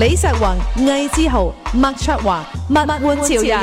李石宏、魏志豪、麥卓華、物物玩潮人。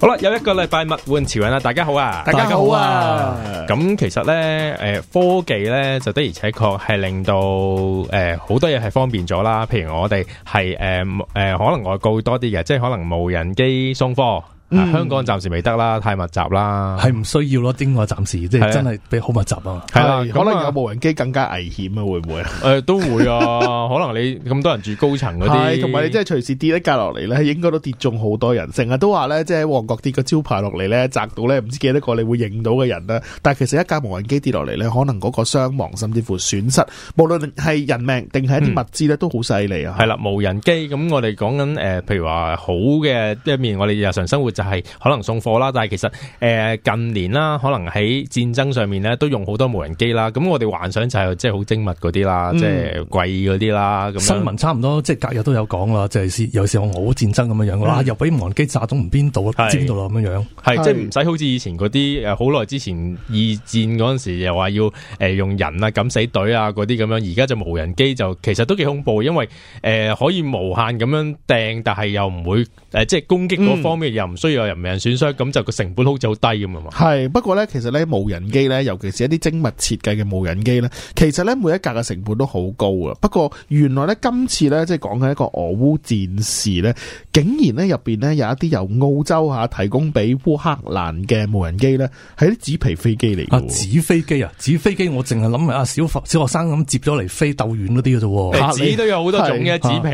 好啦，有一個禮拜物玩潮人啦。大家好啊，大家好啊，咁其實咧，誒，科技咧就的而且確係令到誒好多嘢係方便咗啦，譬如我哋係誒誒，可能外購多啲嘅，即係可能無人機送貨。嗯、香港暫時未得啦，太密集啦，係唔需要咯。之外暫時即係真係俾好密集啊。係啦，可能有無人機更加危險啊、嗯，會唔會啊？誒、欸，都會啊。 可能你咁多人住高層嗰啲，同埋你即係隨時跌一架落嚟咧，應該都跌中好多人。成日都話咧，即係旺角跌個招牌落嚟咧，砸到咧唔知幾多個你會認到嘅人啦。但係其實一架無人機跌落嚟咧，可能嗰個傷亡甚至乎損失，無論係人命定係一啲物資咧、嗯，都好犀利啊。係啦，無人機咁我哋講緊誒，譬如話好嘅一面，我哋日常生活、就是係可能送貨啦，但係其實誒、呃、近年啦，可能喺戰爭上面咧都用好多無人機啦。咁我哋幻想就係即係好精密嗰啲啦，嗯、即係貴嗰啲啦。新聞差唔多即係隔日都有講啦，即係有時好戰爭咁樣、嗯、樣，又俾無人機炸到唔邊度，唔知邊度咁樣樣。係即係唔使好似以前嗰啲誒好耐之前二戰嗰陣時又話要誒用人啊，敢死隊啊嗰啲咁樣。而家就無人機就其實都幾恐怖，因為誒、呃、可以無限咁樣掟，但係又唔會誒即係攻擊嗰方面又唔需要、嗯。有人命損傷，咁就個成本好似好低咁啊嘛，係不過咧，其實咧無人機咧，尤其是一啲精密設計嘅無人機咧，其實咧每一架嘅成本都好高啊。不過原來咧今次咧，即係講緊一個俄烏戰事咧，竟然咧入邊咧有一啲由澳洲吓、啊、提供俾烏克蘭嘅無人機咧，係啲紙皮飛機嚟嘅。紙飛機啊，紙飛機我淨係諗係啊，小佛小學生咁接咗嚟飛鬥遠嗰啲嘅啫。紙、啊、都有好多種嘅、啊、紙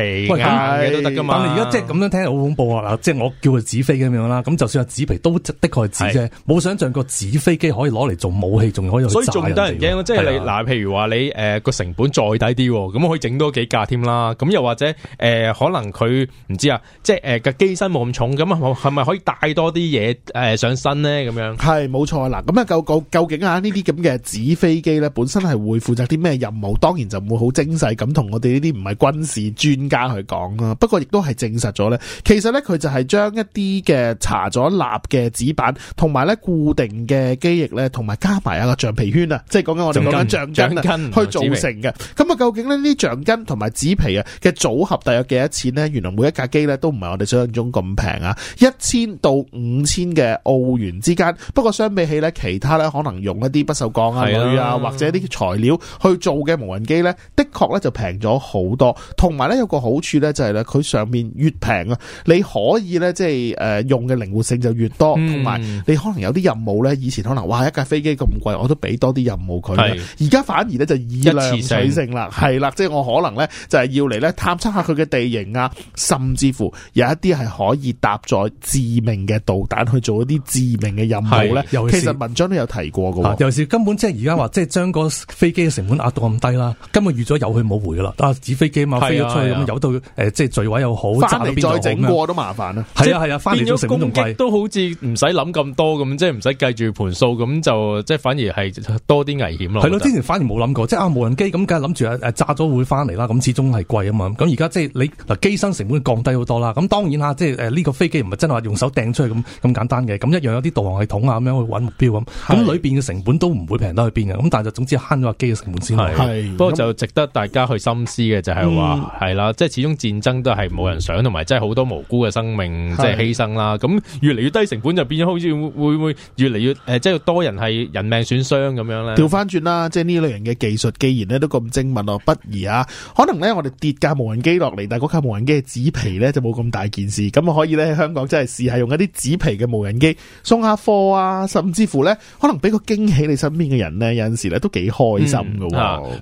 皮都得噶嘛。咁你而家即係咁樣聽好恐怖啊嗱，即係我叫佢紙飛咁樣。咁就算係紙皮都的確係紙啫，冇想象個紙飛機可以攞嚟做武器，仲可以。所以仲得人驚咯，即係你嗱，譬如話你誒個、呃、成本再低啲，咁可以整多幾架添啦。咁又或者誒、呃，可能佢唔知啊，即係誒個機身冇咁重，咁係咪可以帶多啲嘢誒上身咧？咁樣係冇錯啦。咁啊，究竟究竟啊呢啲咁嘅紙飛機咧，本身係會負責啲咩任務？當然就唔會好精細咁同我哋呢啲唔係軍事專家去講啦。不過亦都係證實咗咧，其實咧佢就係將一啲嘅。查咗蠟嘅紙板，同埋咧固定嘅機翼咧，同埋加埋一個橡皮圈啊，即係講緊我哋講緊橡筋去造成嘅。咁啊，究竟咧呢啲橡筋同埋紙皮啊嘅組合大約幾多錢咧？原來每一架機咧都唔係我哋想象中咁平啊，一千到五千嘅澳元之間。不過相比起咧其他咧，可能用一啲不銹鋼啊、鋁啊或者啲材料去做嘅無人機咧，的確咧就平咗好多。同埋咧有，有個好處咧就係咧，佢上面越平啊，你可以咧即係誒、呃、用。嘅靈活性就越多，同、嗯、埋你可能有啲任務咧，以前可能哇一架飛機咁貴，我都俾多啲任務佢。而家反而咧就以量取勝啦，係啦，即係、就是、我可能咧就係要嚟咧探測下佢嘅地形啊，甚至乎有一啲係可以搭載致命嘅導彈去做一啲致命嘅任務咧。其實文章都有提過㗎，尤其，是根本即係而家話即係將個飛機嘅成本壓到咁低啦，根本預咗有去冇回嘅啦。啊，紙飛機嘛飛咗出去咁有到誒、呃，即係墜位又好，翻嚟再整過都麻煩啦。係啊係啊，翻嚟成。都好似唔使諗咁多咁，即係唔使計住盤數咁，就即係反而係多啲危險咯。係咯，之前反而冇諗過，即係啊無人機咁梗係諗住啊誒炸咗會翻嚟啦，咁始終係貴啊嘛。咁而家即係你嗱機身成本降低好多啦。咁當然啦，即係誒呢個飛機唔係真係話用手掟出去咁咁簡單嘅。咁一樣有啲導航系統啊咁樣去搵目標咁。咁裏邊嘅成本都唔會平得去邊嘅。咁但係就總之慳咗個機嘅成本先。係，不過就值得大家去深思嘅就係話係啦，即係始終戰爭都係冇人想，同埋即係好多無辜嘅生命即係犧牲啦。咁越嚟越低成本就變咗，好似會會唔會越嚟越誒、呃，即係多人係人命損傷咁樣咧？調翻轉啦，即係呢類型嘅技術，既然咧都咁精密咯，不如啊，可能咧我哋跌架無人機落嚟，但係嗰架無人機嘅紙皮咧，就冇咁大件事。咁啊，可以咧喺香港真係試下用一啲紙皮嘅無人機送下貨啊，甚至乎咧可能俾個驚喜你身邊嘅人咧，有陣時咧都幾開心噶。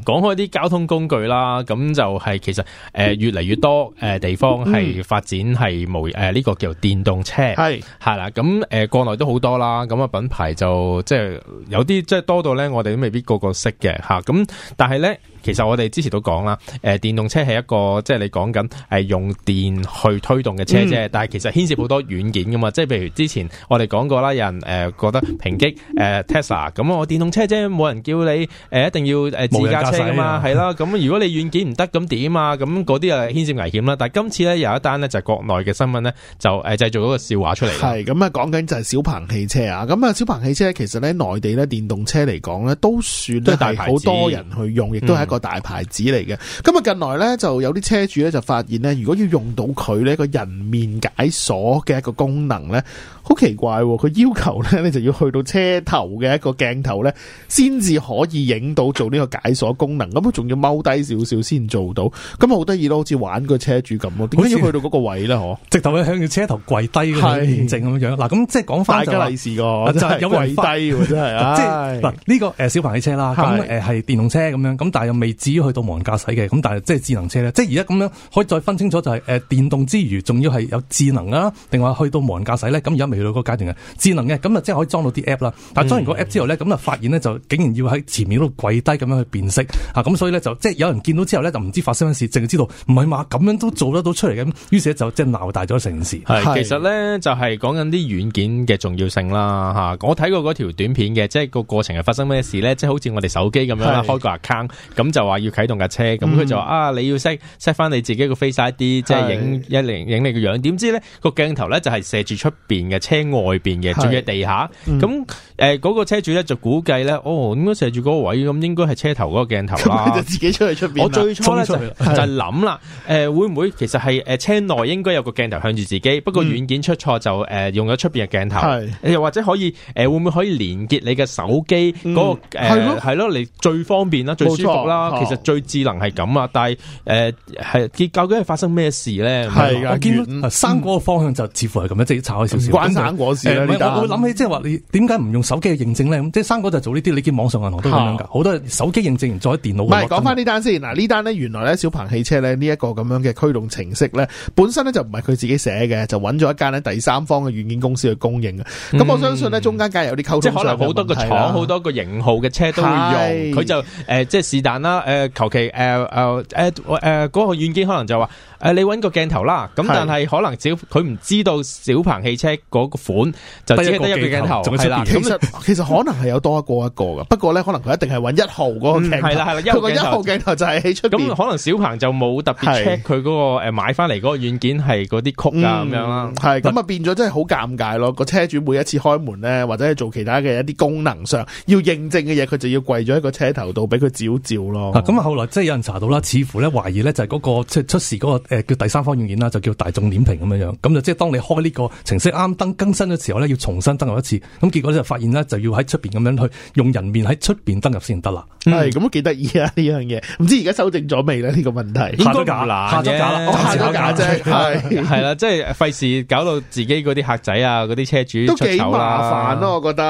講開啲交通工具啦，咁就係其實誒、呃、越嚟越多誒、呃、地方係發展係無誒呢個叫電動車。係，係啦，咁誒國內都好多啦，咁啊品牌就即係有啲即係多到咧，我哋都未必個個識嘅嚇，咁但係咧。其實我哋之前都講啦，誒、呃、電動車係一個即係你講緊誒用電去推動嘅車啫、嗯，但係其實牽涉好多軟件噶嘛，即係譬如之前我哋講過啦，有人誒、呃、覺得抨擊誒、呃、Tesla 咁，我電動車啫，冇人叫你誒、呃、一定要自駕車啊嘛，係啦，咁如果你軟件唔得咁點啊，咁嗰啲誒牽涉危險啦。但係今次咧有一單咧就係、是、國內嘅新聞咧，就誒、呃、製造咗個笑話出嚟。係咁啊，講緊就係小鵬汽車啊，咁啊小鵬汽車其實咧內地咧電動車嚟講咧都算係好多人去用，亦都個大牌子嚟嘅，咁啊近來咧就有啲車主咧就發現咧，如果要用到佢呢個人面解鎖嘅一個功能咧，好奇怪，佢要求咧你就要去到車頭嘅一個鏡頭咧，先至可以影到做呢個解鎖功能，咁佢仲要踎低少少先做到，咁啊好得意咯，好似玩個車主咁咯，點解要去到嗰個位咧？嗬， 直頭咧向住車頭跪低，係驗證咁樣。嗱，咁即係講翻就利是過，就係有跪低，真係。即係嗱，呢、這個誒小鵬汽車啦，咁誒係電動車咁樣，咁但係未至於去到無人駕駛嘅，咁但係即係智能車咧，即係而家咁樣可以再分清楚，就係誒電動之餘，仲要係有智能啊，定話去到無人駕駛咧？咁而家未去到嗰個階段嘅智能嘅，咁啊即係可以裝到啲 app 啦。但係裝完個 app 之後咧，咁、嗯、啊發現咧就竟然要喺前面嗰度跪低咁樣去辨識啊，咁所以咧就即係有人見到之後咧就唔知發生咩事，淨係知道唔係嘛，咁樣都做得到出嚟嘅，於是咧就即係鬧大咗成件事。其實咧就係、是、講緊啲軟件嘅重要性啦嚇。我睇過嗰條短片嘅，即係個過程係發生咩事咧？即係好似我哋手機咁樣啦，開個 account 咁。.就話要啟動架車，咁、嗯、佢就話啊，你要 set set 翻你自己個 face ID，即係影一零影你個樣。點知咧個鏡頭咧就係射住出邊嘅車外邊嘅，仲要喺地下。咁誒，嗰、嗯呃那個車主咧就估計咧，哦，應該射住嗰個位，咁應該係車頭嗰個鏡頭啦。自己出去出邊。我最初呢，就就諗啦，誒、呃，會唔會其實係誒車內應該有個鏡頭向住自己，不過軟件出錯就誒、呃嗯、用咗出邊嘅鏡頭。又或者可以誒、呃、會唔會可以連結你嘅手機嗰、那個誒係、嗯呃、咯係最方便啦，最舒服啦。其實最智能係咁啊，但係誒係，究竟係發生咩事咧？係啊，我見生果個方向就似乎係咁樣，即、嗯、係炒開少少。關生果事啊、嗯！我諗起即係話，就是、你點解唔用手機去認證咧、嗯？即係生果就做呢啲、嗯，你見網上銀行都咁樣噶，好多手機認證再電腦。唔係講翻呢單先嗱，呢單呢，原來咧小鵬汽車咧呢一個咁樣嘅驅動程式咧，本身咧就唔係佢自己寫嘅，就揾咗一間第三方嘅軟件公司去供應嘅。咁、嗯、我相信呢，中間梗係有啲溝通上問題。係好多個廠、好、啊、多個型號嘅車都會用，佢就誒、呃，即係是但啦。誒、呃，求其誒誒誒誒嗰個軟件可能就話誒、呃，你搵個鏡頭啦。咁但係可能小佢唔知道小鵬汽車嗰個款個就只得一個鏡頭，咁實其實可能係有多一個一個噶。 不過咧，可能佢一定係搵一號嗰個鏡頭，係啦，係啦，一個鏡頭，頭就係喺出邊，咁可能小鵬就冇特別 check 佢嗰個誒買翻嚟嗰個軟件係嗰啲曲啊咁樣啦。係咁啊，嗯、變咗真係好尷尬咯。個車主每一次開門咧，或者做其他嘅一啲功能上要認證嘅嘢，佢就要跪咗喺個車頭度俾佢照照咯。咁、嗯、啊，後來即係有人查到啦，似乎咧懷疑咧就係嗰個即係出事嗰個誒叫第三方軟件啦，就叫大眾點評咁樣樣，咁就即係當你開呢個程式啱登更新嘅時候咧，要重新登入一次，咁結果就發現咧就要喺出邊咁樣去用人面喺出邊登入先得啦。係、嗯，咁都幾得意啊呢樣嘢，唔知而家修正咗未呢？呢、這個問題？下咗架，下咗架啦，下咗架啫，係係啦，即係費事搞到自己嗰啲客仔啊，嗰啲車主出都幾麻煩咯，我覺得。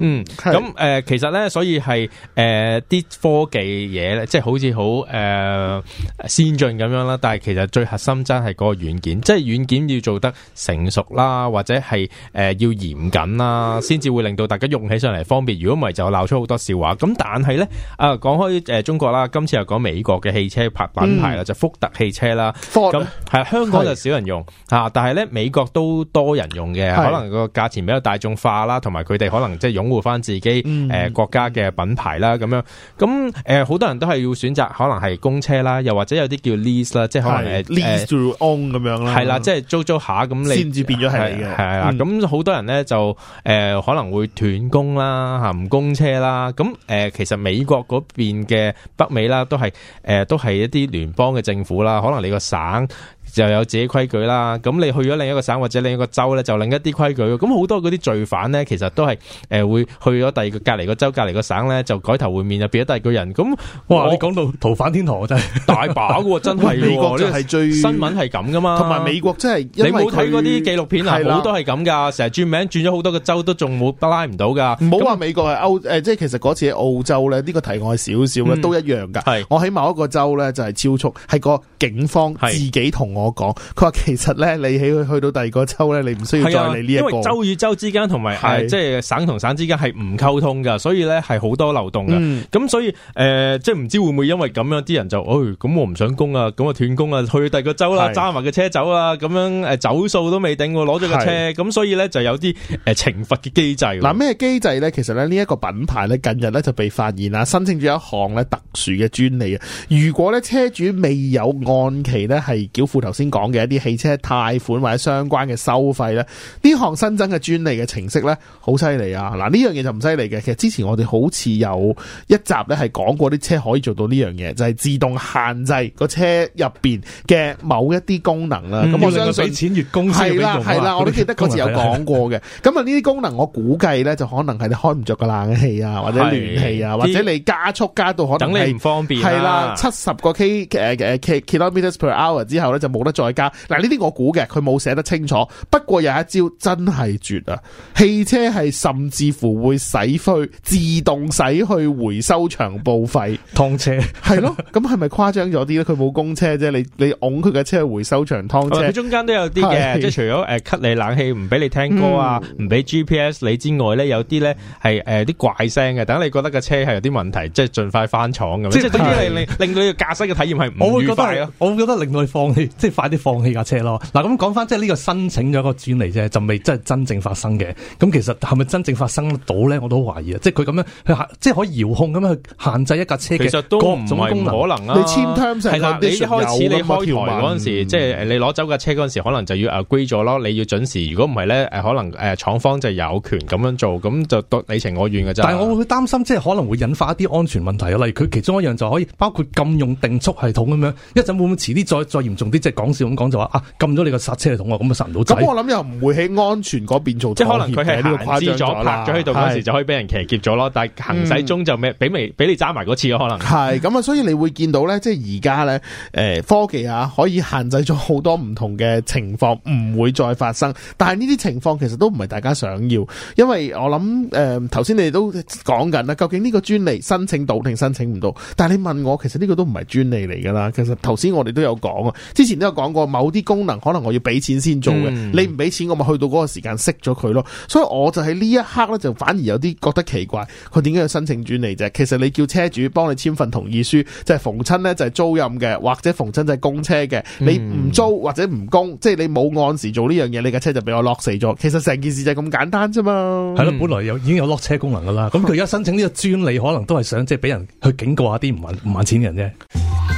嗯，咁誒、嗯呃，其實咧，所以係誒啲科技。嘢咧，即係好似好誒先進咁樣啦，但係其實最核心真係嗰個軟件，即係軟件要做得成熟啦，或者係誒、呃、要嚴謹啦，先至會令到大家用起上嚟方便。如果唔係就鬧出好多笑話，咁但係咧啊，講開誒、呃、中國啦，今次又講美國嘅汽車牌品牌啦，嗯，就福特汽車啦，咁係香港就少人用吓，但係咧美國都多人用嘅，可能個價錢比較大眾化啦，同埋佢哋可能即係擁護翻自己誒、嗯呃、國家嘅品牌啦，咁樣咁誒好。好多人都係要選擇可能係公車啦，又或者有啲叫 lease 啦、呃嗯，即係可能 lease through own 咁樣啦。係啦，即係租租下咁你先至變咗係嘅，啦，咁好多人咧就、呃、可能會斷供啦，唔公車啦。咁、呃、其實美國嗰邊嘅北美啦，都係、呃、都係一啲聯邦嘅政府啦，可能你個省，就有自己規矩啦，咁你去咗另一個省或者另一個州咧，就另一啲規矩。咁好多嗰啲罪犯呢，其實都係誒會去咗第二個隔離個州、隔離個省呢，就改頭換面，就變咗第二個人。咁哇，哇，你講到逃犯天堂我真係 大把喎，真係美國呢係最、呢個、新聞係咁嘅嘛。同埋美國真係你冇睇嗰啲紀錄片啊，好多係咁㗎，成日轉名轉咗好多個州都仲冇拉唔到㗎。唔好話美國係歐誒，即係其實嗰次喺澳洲呢，呢、呢個題外少少啦，都一樣㗎。我喺某一個州呢，就係超速，係個警方自己同我的。講，佢話其實咧，你起去去到第二個州咧，你唔需要再嚟呢一個。啊、因為州與州之間同埋係即係省同省之間係唔溝通噶，所以咧係好多漏洞㗎。咁、嗯、所以誒、呃，即係唔知會唔會因為咁樣，啲人就，哦、哎，咁我唔想供啊，咁啊斷供啊，去第二個州啦、啊，揸埋個車走啦、啊，咁樣誒，走數都未頂過，攞咗個車，咁所以咧就有啲誒懲罰嘅機制。嗱，咩機制咧？其實咧呢一個品牌咧近日咧就被發現啦，申請咗一項咧特殊嘅專利啊。如果咧車主未有按期咧係繳付。頭先講嘅一啲汽車貸款或者相關嘅收費咧，呢項新增嘅專利嘅程式咧，好犀利啊！嗱，呢樣嘢就唔犀利嘅。其實之前我哋好似有一集咧係講過，啲車可以做到呢樣嘢，就係、是、自動限制個車入邊嘅某一啲功能啦。咁、嗯、我相信，俾錢月供，係啦係啦，我都記得嗰時有講過嘅。咁啊，呢啲功能我估計咧就可能係你開唔着個冷氣啊，或者暖氣啊，或者你加速加到可能等你唔方便。係啦，七十個 k 誒誒 k ilometres per hour 之後咧就冇得再加。嗱，呢啲我估嘅，佢冇寫得清楚。不過有一招真係絕啊！汽車係甚至乎會駛去自動駛去回收場報廢，劏車係咯。咁係咪誇張咗啲咧？佢冇公車啫，你你㧬佢嘅車去回收場劏車。中間都有啲嘅，即係除咗誒吸你冷氣唔俾你聽歌啊，唔、嗯、俾 GPS 你之外咧，有啲咧係誒啲怪聲嘅。等你覺得個車係有啲問題，即係盡快翻廠咁。即係等於你，你令令到你駕駛嘅體驗係唔愉快啊，我會覺得令到你放棄快啲放棄架車咯！嗱，咁講翻，即係呢個申請咗個專利啫，就未真係真正發生嘅。咁其實係咪真正發生到咧？我都好懷疑啊！即係佢咁樣去限，即係可以遙控咁樣去限制一架車嘅各種功能。啊。你簽 terms 係你一開始你開台嗰陣時，即係你攞走架車嗰陣時，可能就要啊歸咗咯。你要準時，如果唔係咧，誒可能誒廠方就有權咁樣做，咁就你情我願嘅啫。但係我會擔心，即係可能會引發一啲安全問題啊！例如佢其中一樣就可以包括禁用定速系統咁樣，一陣會唔會遲啲再再嚴重啲？即講笑咁講就話啊，撳咗你個剎車嚟，同我，咁啊神到咁我諗又唔會喺安全嗰邊做，即係可能佢係限制咗，拍咗喺度，有陣時就可以俾人騎劫咗咯。但係行駛中就咩，俾微俾你揸埋嗰次可能係咁啊。所以你會見到咧，即係而家咧，誒科技啊，可以限制咗好多唔同嘅情況唔會再發生。但係呢啲情況其實都唔係大家想要，因為我諗誒頭先你哋都講緊啦，究竟呢個專利申請到定申請唔到？但係你問我，其實呢個都唔係專利嚟噶啦。其實頭先我哋都有講啊，之前講過某啲功能可能我要俾錢先做嘅。嗯，你唔俾錢我咪去到嗰個時間熄咗佢咯。所以我就喺呢一刻咧，就反而有啲覺得奇怪，佢點解要申請專利啫？其實你叫車主幫你簽份同意書，就係、是、逢親呢，就係租任嘅，或者逢親就係供車嘅。你唔租或者唔供，即、就、係、是、你冇按時做呢樣嘢，你架車就俾我 lock 死咗。其實成件事就係咁簡單啫嘛。係、嗯、咯，本來有已經有 lock 車功能噶啦。咁佢而家申請呢個專利，可能都係想即係俾人去警告下啲唔還唔還錢嘅人啫。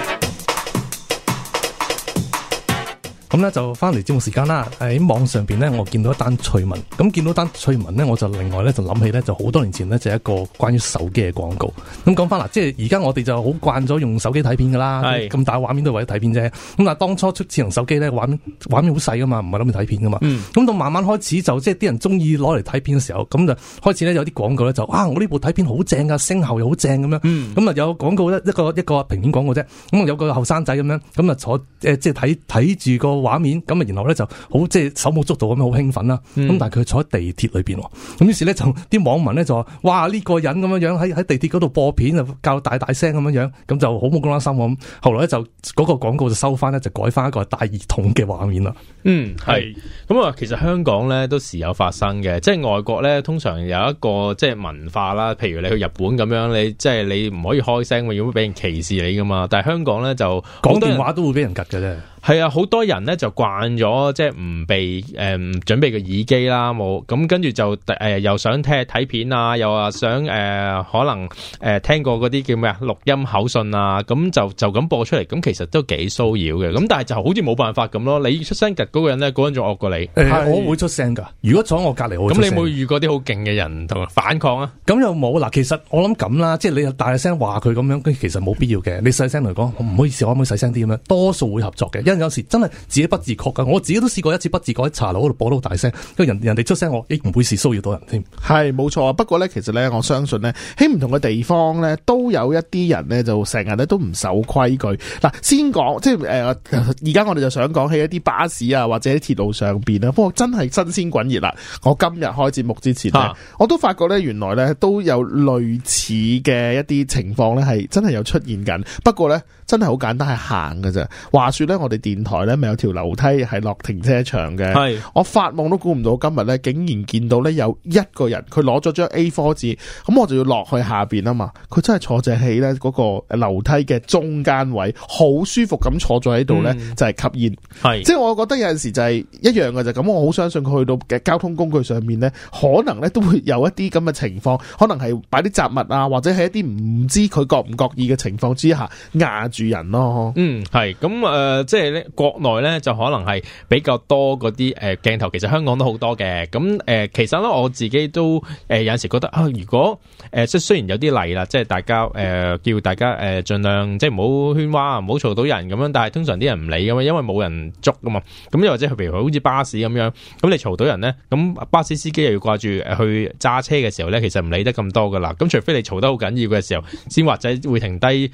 咁咧就翻嚟節目時間啦！喺網上邊咧，我見到一單趣聞。咁見到一單趣聞咧，我就另外咧就諗起咧，就好多年前呢，就係、一個關於手機嘅廣告。咁講翻啦，即係而家我哋就好慣咗用手機睇片噶啦，咁大畫面都為咗睇片啫。咁啊，當初出智能手機咧，畫面畫面好細噶嘛，唔係諗住睇片噶嘛。咁、嗯、到慢慢開始就即係啲人中意攞嚟睇片嘅時候，咁就開始咧有啲廣告咧就啊，我呢部睇片好正噶，聲效又好正咁樣。咁、嗯、啊有廣告一個一個、一個、一個平面廣告啫。咁有個後生仔咁樣咁啊坐、呃、即係睇睇住個。畫面咁啊，然後咧，就好即係手舞足蹈咁樣，好興奮啦。咁但係佢坐喺地鐵裏邊，咁於是咧就啲網民咧就話：哇，呢，這個人咁樣樣喺喺地鐵嗰度播片啊，教大大聲咁樣樣，咁就好冇公德心咁。後來咧就嗰，那個廣告就收翻咧，就改翻一個戴耳筒嘅畫面啦。嗯，係。咁、嗯、啊，其實香港咧都時有發生嘅，即係外國咧通常有一個即係文化啦，譬如你去日本咁樣，你即係、就是、你唔可以開聲，要唔俾人歧視你噶嘛。但係香港咧就講電話都會俾人夾嘅啫。係啊，好多人咧就慣咗即係唔備誒，準備個耳機啦，冇咁跟住就誒、呃、又想聽睇片啊，又話想誒、呃、可能誒、呃、聽過嗰啲叫咩啊錄音口信啊，咁就就咁播出嚟，咁其實都幾騷擾嘅。咁但係就好似冇辦法咁咯，你出聲嘅嗰個人咧，嗰人仲惡過你。誒、欸，我會出聲噶，如果坐喺我隔籬，好，咁你有冇遇過啲好勁嘅人同埋反抗啊？咁又冇嗱，其實我諗咁啦，即係你大聲話佢咁樣，跟住其實冇必要嘅。你細聲嚟講，唔好意思，可唔可以細聲啲咁樣？多數會合作嘅。有時真係自己不自覺噶，我自己都試過一次不自覺喺茶樓嗰度播到好大聲，因為人人哋出聲我，亦唔會事騷擾到人添。係冇錯啊，不過咧其實咧，我相信咧喺唔同嘅地方咧，都有一啲人咧就成日咧都唔守規矩。嗱，先講即係誒，而家我哋就想講起一啲巴士啊或者喺鐵路上邊啦。不過真係新鮮滾熱啦！我今日開節目之前呢，我都發覺咧原來咧都有類似嘅一啲情況咧係真係有出現緊。不過咧真係好簡單係行噶咋。話說咧，我哋。電台咧咪有條樓梯係落停車場嘅，我發夢都估唔到今日咧，竟然見到咧有一個人佢攞咗張 A4 紙，咁我就要落去下邊啊嘛。佢真係坐只喺咧嗰個樓梯嘅中間位，好舒服咁坐咗喺度咧，就係、是、吸煙，係即係我覺得有陣時就係一樣嘅就咁，我好相信佢去到嘅交通工具上面咧，可能咧都會有一啲咁嘅情況，可能係擺啲雜物啊，或者係一啲唔知佢覺唔覺意嘅情況之下壓住人咯。嗯，係咁誒即係。國內咧就可能係比較多嗰啲誒鏡頭，其實香港都好多嘅。咁誒、呃，其實咧我自己都誒、呃、有陣時覺得啊，如果誒即、呃、雖然有啲例啦，即係大家誒、呃、叫大家誒盡、呃、量即係唔好喧嘩，唔好嘈到人咁樣。但係通常啲人唔理咁樣，因為冇人捉噶嘛。咁又或者係，譬如好似巴士咁樣，咁你嘈到人咧，咁巴士司機又要掛住去揸車嘅時候咧，其實唔理得咁多噶啦。咁除非你嘈得好緊要嘅時候，先或者會停低。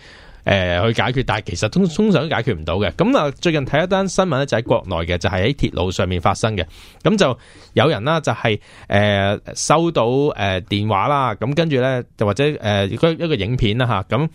誒去解決，但係其實通通常都解決唔到嘅。咁啊，最近睇一單新聞咧，就喺、是、國內嘅，就係、是、喺鐵路上面發生嘅。咁就有人啦、就是，就係誒收到誒、呃、電話啦，咁跟住咧，就或者誒、呃、一個一個影片啦吓？咁。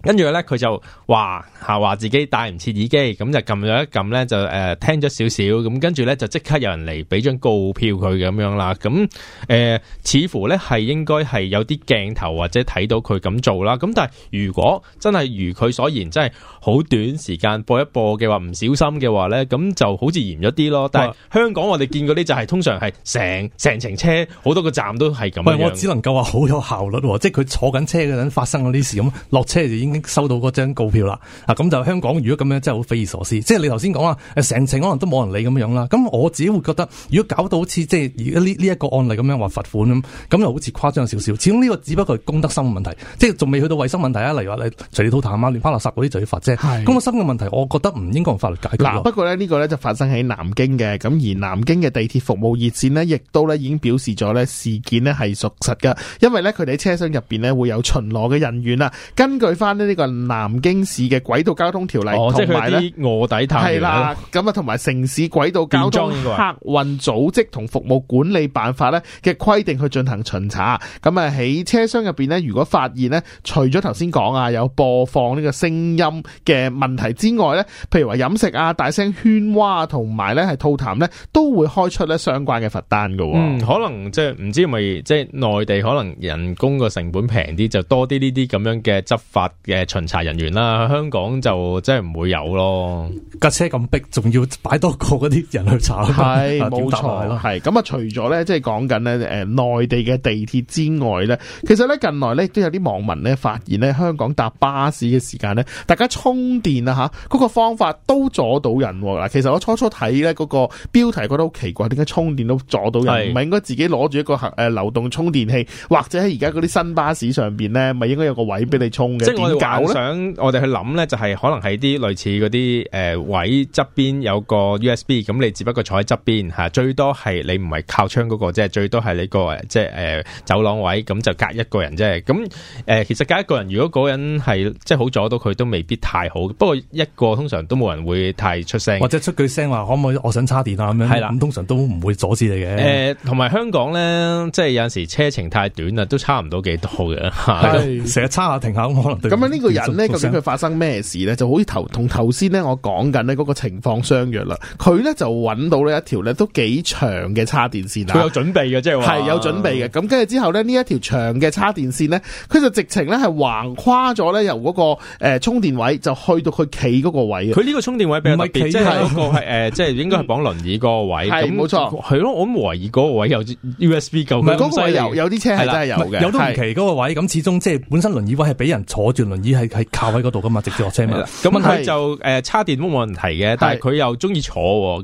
跟住咧，佢就話吓話自己戴唔切耳機，咁就撳咗一撳咧，就誒、呃、聽咗少少，咁跟住咧就即刻有人嚟俾張告票佢咁樣啦。咁誒、呃，似乎咧係應該係有啲鏡頭或者睇到佢咁做啦。咁但係如果真係如佢所言，真係好短時間播一播嘅話，唔小心嘅話咧，咁就好似嚴咗啲咯。但係香港我哋見過啲就係、是、通常係成成程車，好多個站都係咁樣。喂，我只能夠話好有效率喎、啊，即係佢坐緊車嗰陣發生咗啲事咁，落車就已經。已經收到嗰張告票啦，啊咁就香港如果咁樣真係好匪夷所思，即係你頭先講啦，成程可能都冇人理咁樣啦。咁我自己會覺得，如果搞到好似即係而家呢呢一個案例咁樣話罰款咁，咁又好似誇張少少。始終呢個只不過係公德心嘅問題，即係仲未去到衛生問題啊。例如話你隨地吐痰啊，亂翻垃圾嗰啲就要罰啫。咁個心嘅問題，我覺得唔應該用法律解決。不過咧呢個咧就發生喺南京嘅，咁而南京嘅地鐵服務熱線呢，亦都咧已經表示咗呢事件呢係屬實噶，因為呢，佢哋喺車廂入邊呢，會有巡邏嘅人員啦。根據翻。呢個南京市嘅軌道交通條例，同埋啲臥底探係啦。咁啊，同埋城市軌道交通客運組織同服務管理辦法咧嘅規定去進行巡查。咁啊，喺車廂入邊咧，如果發現咧，除咗頭先講啊有播放呢個聲音嘅問題之外咧，譬如話飲食啊、大聲喧嘩同埋咧係吐痰咧，都會開出咧相關嘅罰單噶。嗯，可能即係唔知係咪即係內地可能人工個成本平啲，就多啲呢啲咁樣嘅執法。嘅巡查人員啦，香港就真係唔會有咯，架車咁逼，仲要擺多個嗰啲人去查，係冇錯咯。係咁啊，呢除咗咧，即係講緊咧，誒、呃，內地嘅地鐵之外咧，其實咧近來咧都有啲網民咧發現咧，香港搭巴士嘅時間咧，大家充電啊吓，嗰、那個方法都阻到人嗱、啊。其實我初初睇咧嗰個標題覺得好奇怪，點解充電都阻到人？唔係應該自己攞住一個誒、呃、流動充電器，或者喺而家嗰啲新巴士上邊咧，咪應該有個位俾你充嘅？嗯揀想我哋去諗咧，就係可能係啲類似嗰啲誒位側邊有個 USB，咁你只不過坐喺側邊吓，最多係你唔係靠窗嗰，嗰個係最多係你個即係誒走廊位，咁就隔一個人啫。咁誒，呃，其實隔一個人，如果嗰人係即係好阻到佢，都未必太好。不過一個通常都冇人會太出聲，或者出句聲話可唔可以，我想插電啊咁樣。係啦，咁通常都唔會阻止你嘅。誒，呃，同埋香港咧，即係有陣時車程太短啦，都差唔到幾多嘅吓，成日差下停下，可能咁呢個人咧，究竟佢發生咩事咧，就好似頭同頭先咧我講緊咧嗰個情況相若啦。佢咧就揾到呢一條咧都幾長嘅叉電線啊！佢有準備嘅，即係話係有準備嘅。咁跟住之後咧，呢一條長嘅叉電線咧，佢就直情咧係橫跨咗咧由嗰個充電位就去到佢企嗰個位。佢呢個充電位唔係、即係、個係即係應該係綁輪椅嗰個位，冇、 嗯、錯。係咯，我諗懷疑嗰個位有 USB 夠。唔係嗰個位有有啲車係真係有嘅，有都唔奇嗰個位。咁始終即係本身輪椅位係俾人坐住已係係靠喺嗰度噶嘛，直接落車咪啦。咁佢就誒，叉、呃、電都冇問題嘅，但係佢又中意坐，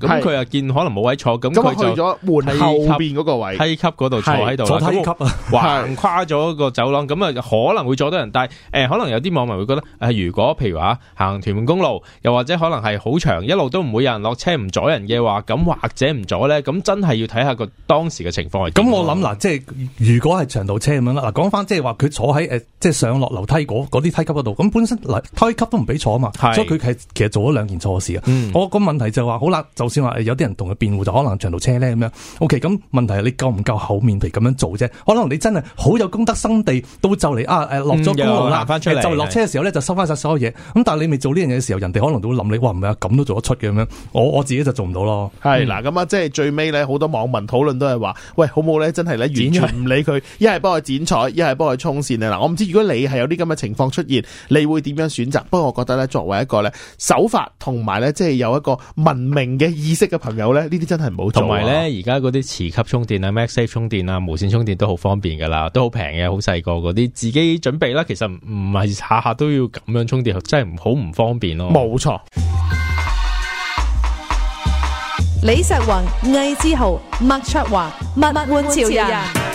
咁佢又見可能冇位坐，咁佢就門後邊嗰個位梯級嗰度坐喺度，坐梯級啊，橫跨咗個走廊，咁啊可能會阻到人。但係誒、呃，可能有啲網民會覺得誒、呃，如果譬如話行屯門公路，又或者可能係好長，一路都唔會有人落車唔阻人嘅話，咁或者唔阻咧，咁真係要睇下個當時嘅情況咁我諗嗱、呃呃呃，即係如果係長途車咁樣啦，嗱、呃，講翻即係話佢坐喺誒，即係、呃、上落樓梯嗰啲梯。級嗰度，咁本身嚟，胎級都唔俾坐啊嘛，所以佢係其實做咗兩件錯事啊。我個問題就話好啦，就算話有啲人同佢辯護，就可能長途車咧咁樣。O K，咁問題係你夠唔夠厚面皮咁樣做啫？可能你真係好有公德心地，到就嚟啊誒，落咗公路啦、嗯啊，就落車嘅時候咧就收翻晒所有嘢。咁但係你未做呢樣嘢嘅時候，人哋可能都會諗你，哇唔係啊，咁都做得出嘅咁樣。我我自己就做唔到咯。係，嗱，咁、嗯、啊，即係最尾咧，好多網民討論都係話，喂好唔好咧？真係咧完全唔理佢，一係幫佢剪彩，一係幫佢衝線啊！嗱，我唔知如果你係有啲咁嘅情況出現。你會點樣選擇？不過我覺得咧，作為一個咧手法同埋咧，即係有一個文明嘅意識嘅朋友咧，呢啲真係唔好做。同埋咧，而家嗰啲磁吸充電啊、 MagSafe 充電啊、無線充電都好方便噶啦，都好平嘅，好細個嗰啲，自己準備啦。其實唔係下下都要咁樣充電，真係唔好唔方便咯。冇錯。李石宏、魏之豪、麥卓華、默默換潮人。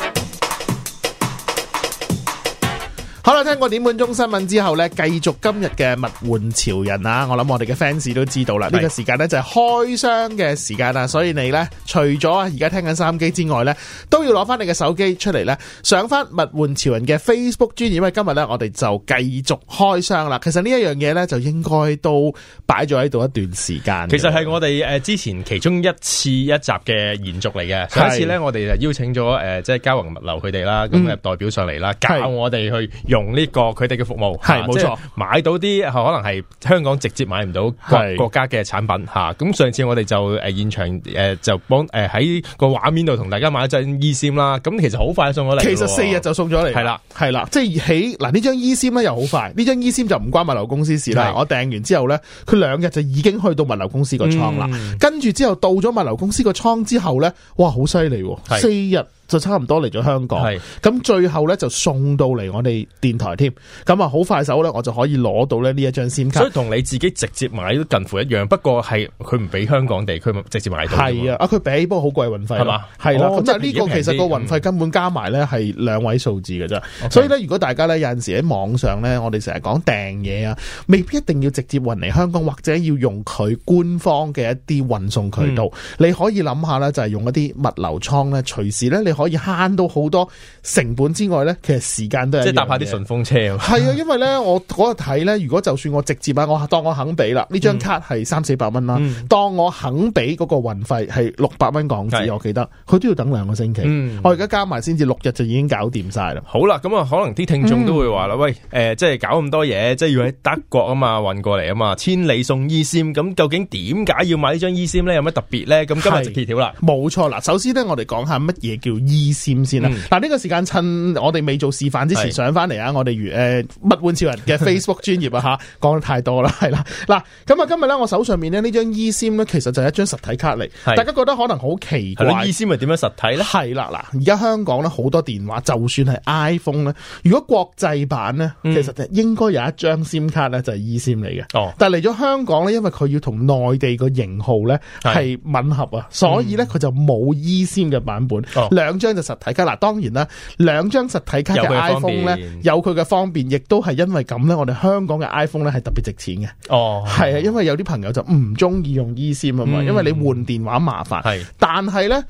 好啦，聽過點半鐘新聞之後呢，繼續今日嘅物玩潮人啊！我諗我哋嘅 fans 都知道啦。呢、這個時間呢就係、是、開箱嘅時間啦，所以你呢，除咗而家聽緊收音機之外呢，都要攞翻你嘅手機出嚟，呢，上翻物玩潮人嘅 Facebook 專頁，因為今日呢，我哋就繼續開箱啦。其實呢一樣嘢呢，就應該都擺咗喺度一段時間。其實係我哋誒之前其中一次一集嘅延續嚟嘅。上一次呢，我哋就邀請咗誒、呃、即係嘉宏物流佢哋啦，咁嘅代表上嚟啦、嗯，教我哋去。用呢個佢哋嘅服務係冇錯，買到啲可能係香港直接買唔到，國國家嘅產品。咁上次我哋就誒現場誒就幫誒喺個畫面度同大家買張 eSIM 啦。咁其實好快送咗嚟，其實四日就送咗嚟，係啦係啦。即係起，嗱呢張 eSIM 咧又好快，呢張 eSIM 就唔關物流公司事啦。我訂完之後咧，佢兩日就已經去到物流公司個倉啦。跟住之後到咗物流公司個倉之後咧，哇！好犀利，四日。就差唔多嚟咗香港，咁最後咧就送到嚟我哋電台添，咁啊好快手咧，我就可以攞到咧呢一張 SIM 卡。所以同你自己直接買都近乎一樣，不過係佢唔俾香港地區直接買到。係啊，啊佢俾不過好貴運費係嘛。係啦，咁、啊哦嗯、就呢個其實個運費根本加埋咧係兩位數字嘅啫、嗯。所以咧，如果大家咧有陣時喺網上咧，我哋成日講訂嘢啊，未必一定要直接運嚟香港，或者要用佢官方嘅一啲運送渠道。嗯、你可以諗下咧，就係用一啲物流倉咧，隨時咧你。可以慳到好多成本之外咧，其實時間都係即係搭下啲順風車。係啊，因為咧我嗰日睇咧，如果就算我直接啊，我當我肯俾啦，呢張卡係三四百蚊啦、嗯。當我肯俾嗰個運費係六百蚊港紙、嗯，我記得佢都要等兩個星期。嗯、我而家加埋先至六日就已經搞掂晒啦。好啦，咁啊，可能啲聽眾都會話啦、嗯，喂，誒，即係搞咁多嘢，即係要喺德國啊嘛，運過嚟啊嘛，千里送 eSIM。咁究竟點解要買呢張 eSIM 呢？有咩特別咧？咁今日就揭曉啦。冇錯啦，首先咧，我哋講下乜嘢叫。E 先啦，嗯，嗱、這、呢個時間，趁我哋未做示範之前上翻嚟啊！我哋如誒乜歡超人嘅 Facebook 專業啊吓，講 得太多啦，係啦，嗱咁啊，今日咧，我手上面呢呢張 E 簽咧，其實就係一張實體卡嚟，大家覺得可能好奇怪，E 簽咪點樣實體咧？係啦，嗱而家香港咧好多電話，就算係 iPhone 咧，如果國際版咧、嗯，其實應該有一張簽卡咧就係 E 先嚟嘅，但係嚟咗香港咧，因為佢要同內地個型號咧係吻合啊，所以咧佢、嗯、就冇 E 先嘅版本，哦、兩張就實體卡嗱，當然啦，兩張實體卡嘅 iPhone 有 iPhone 咧，有佢嘅方便，亦都係因為咁咧，我哋香港嘅 iPhone 咧係特別值錢嘅。哦，係啊，因為有啲朋友就唔中意用 eSIM 啊、嗯、嘛，因為你換電話麻煩。係，但係咧。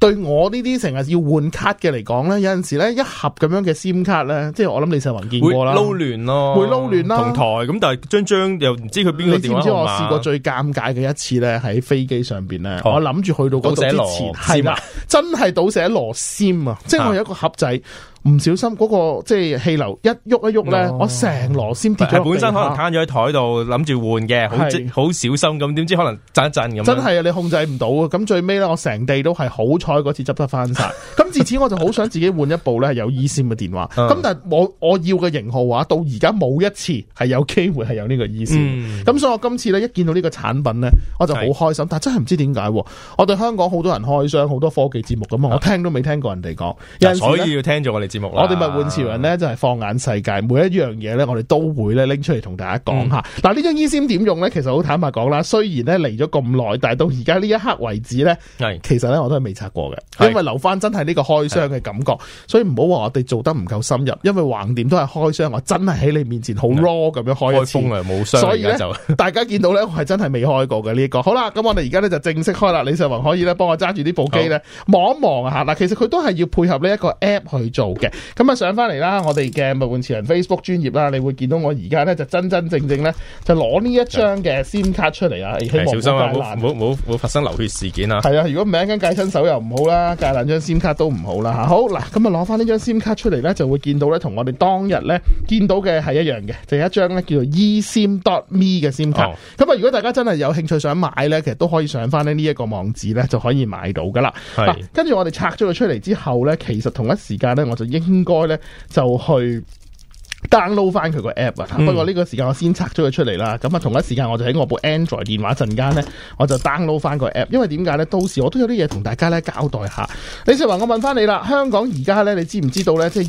對我呢啲成日要換卡嘅嚟講咧，有陣時咧，一盒咁樣嘅 SIM 卡咧，即係我諗李世宏見過啦，會撈亂咯，會撈亂咯，同台咁，但係張張又唔知佢邊個點開碼。你知唔知我試過最尷尬嘅一次咧，喺飛機上邊咧、哦，我諗住去到嗰度之前，係真係倒瀉籮蟹啊！即係我有一個盒仔。唔小心嗰、嗰個即係氣流一喐一喐咧，oh. 我成羅先跌咗。佢本身可能攤咗喺台度，諗住換嘅，好好小心咁。點知可能震一震咁。真係啊！你控制唔到啊！咁最尾咧，我成地都係好彩嗰次執得翻晒。咁自此我就好想自己換一部咧，係 是有 eSIM 嘅 電話。咁但係我我要嘅型號話、啊、到而家冇一次係有機會係有呢個 eSIM。咁所以我今次咧一見到呢個產品咧，我就好開心。但真係唔知點解，我對香港好多人開箱好多科技節目咁啊，我聽都未聽過人哋講。 所以要聽咗我哋。目我哋物玩潮人咧，就係、是、放眼世界，每一樣嘢咧，我哋都會咧拎出嚟同大家講下。嗱、嗯，呢張 eSIM 點用咧？其實好坦白講啦，雖然咧嚟咗咁耐，但係到而家呢一刻為止咧，係其實咧我都係未拆過嘅，因為留返真係呢個開箱嘅感覺。所以唔好話我哋做得唔夠深入，因為橫掂都係開箱，我真係喺你面前好 raw 咁樣開。開封冇箱，所以咧 大家見到咧，我係真係未開過嘅呢、這個。好啦，咁我哋而家咧就正式開啦。李世宏可以咧幫我揸住呢部機咧望一望下。嗱，其實佢都係要配合呢一個 app 去做。咁啊，上翻嚟啦，我哋嘅物玩潮人 Facebook 專頁啦，你會見到我而家咧就真真正正咧就攞呢一張嘅 SIM 卡出嚟啊！希望小心，冇冇冇發生流血事件啊！係啊，如果唔係一間戒親手又唔好啦，戒爛張 SIM 卡都唔好啦吓。好嗱，咁啊攞翻呢張 SIM 卡出嚟咧，就會見到咧同我哋當日咧見到嘅係一樣嘅，就係、一張咧叫做 eSIM.me 嘅 SIM 卡。咁、哦、啊，如果大家真係有興趣想買咧，其實都可以上翻咧呢一個網址咧就可以買到噶啦。跟住我哋拆咗佢出嚟之後咧，其實同一時間咧我就。應該咧就去。download 翻佢個 app 啊！不過呢個時間我先拆咗佢出嚟啦。咁、嗯、啊同一時間我就喺我部 Android 電話陣間呢，我就 download 翻個 app。因為點解呢？到時我都有啲嘢同大家咧交代下。李世華，我問翻你啦，香港而家呢，你知唔知道呢？即係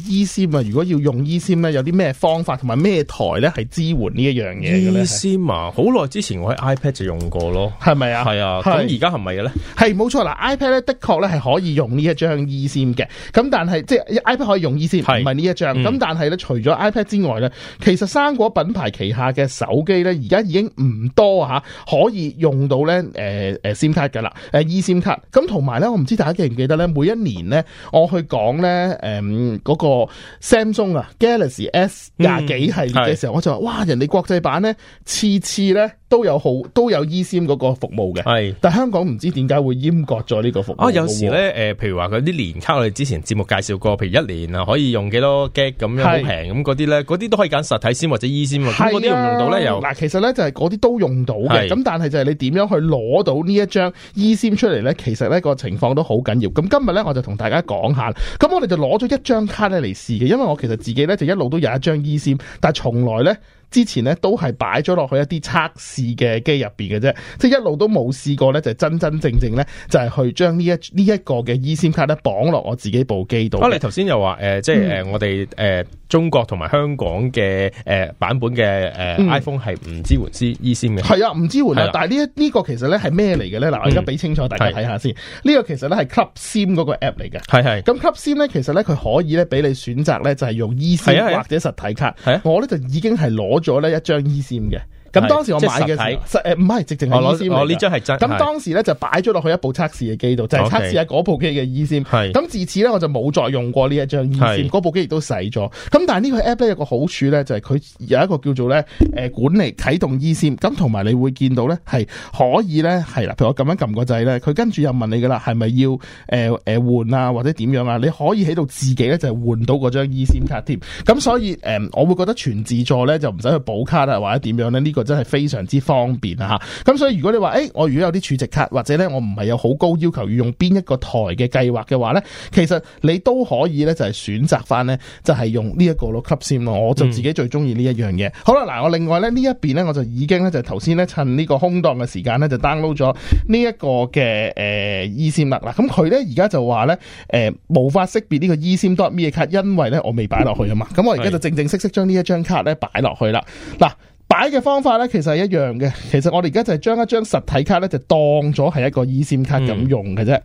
eSIM 如果要用 eSIM 有啲咩方法同埋咩台呢？係支援呢一樣嘢 eSIM 啊，好耐之前我喺 iPad 就用過咯，係咪啊？係啊，咁而家係咪嘅咧？係冇錯啦，iPad 呢，iPad 的確呢，係可以用呢一張 eSIM 嘅。咁但係即係 iPad 可以用 eSIM 唔係呢一張。咁、嗯、但係呢，除咗 iPad 之外咧，其實生果品牌旗下嘅手機咧，而家已經唔多吓、啊，可以用到咧，誒、呃、誒、啊 e、SIM 卡噶啦，誒 e SIM 卡。咁同埋咧，我唔知大家記唔記得咧，每一年咧，我去講咧，誒、嗯、嗰、那個 Samsung 啊 Galaxy S 廿幾系列嘅時候，嗯、我就話，哇，人哋國際版咧，次次咧。都有好都有 eSIM 嗰個服務嘅，係，但香港唔知點解會閹割咗呢個服務。啊，有時咧，誒、呃，譬如話嗰啲年卡，我哋之前節目介紹過，譬如一年啊，可以用幾多 get 咁樣好平，咁嗰啲咧，嗰啲都可以揀實體 SIM 或者 eSIM 咁嗰啲用唔到咧又。嗱，其實咧就係嗰啲都用到嘅，咁但係就係你點樣去攞到一張醫呢一張 eSIM 出嚟咧？其實咧、那個情況都好緊要。咁今日咧我就同大家講下，咁我哋就攞咗一張卡咧嚟試嘅，因為我其實自己咧就一路都有一張 eSIM，但係從來咧。之前咧都係擺咗落去一啲測試嘅機入邊嘅啫，即係一路都冇試過咧，就真真正正咧就係、是、去將呢一呢一,一個嘅 eSIM 卡咧綁落我自己部機度。啊你剛才又呃嗯、即我哋頭先又話誒即係誒我哋誒中國同埋香港嘅誒、呃、版本嘅誒、呃嗯、iPhone 係唔支援 C eSIM 嘅，係啊，唔支援啊但。但係呢一呢個其實咧係咩嚟嘅咧？嗱，我而家俾清楚、嗯、大家睇下先。呢、啊、個其實咧係 ClubSIM 嗰個 app 嚟嘅，係係咁 ClubSIM 咧，其實咧佢可以咧俾你選擇咧，就係、是、用 eSIM 或者實體卡。啊、我咧就已經係攞，咗咧一張 eSIM 嘅。咁當時我買嘅時，實唔係，欸、直直係 eSIM 嚟真。咁、哦、當時咧就擺咗落去一部測試嘅機度，就係、是、測試喺嗰部機嘅 eSIM。咁自此咧我就冇再用過呢一張 eSIM，嗰部機亦都使咗。咁但係呢個 app 咧有個好處咧，就係、是、佢有一個叫做咧誒、呃、管理啟動 eSIM，咁同埋你會見到咧係可以咧係啦，譬如我撳一撳個掣咧，佢跟住又問你噶啦，係咪要誒誒、呃呃、換啊或者點樣啊？你可以喺度自己咧就是、換到嗰張 eSIM 卡添。咁所以誒、呃，我會覺得全自助咧就唔使去補卡啦或者點樣咧呢、這個。真係非常之方便啊！吓，咁，所以如果你話誒、欸，我如果有啲儲值卡，或者咧我唔係有好高要求要用邊一個台嘅計劃嘅話咧，其實你都可以咧就係選擇翻咧就係用呢一個 Club SIM 咯。我就自己最中意呢一樣嘢。好啦，嗱我另外咧呢一邊咧，我就已經咧就頭先咧趁呢個空檔嘅時間咧就 download 咗、呃 e、呢一個嘅誒 eSIM.me 啦。咁佢咧而家就話咧誒無法識別呢個 eSIM.me 嘅卡，因為咧我未擺落去啊嘛。咁、嗯、我而家就正正式式將呢一張卡咧擺落去啦。嗱。擺嘅方法呢，其實係一樣嘅。其實我哋而家就係將一張實體卡呢，就當咗係一個 eSIM 卡咁用嘅啫。咁、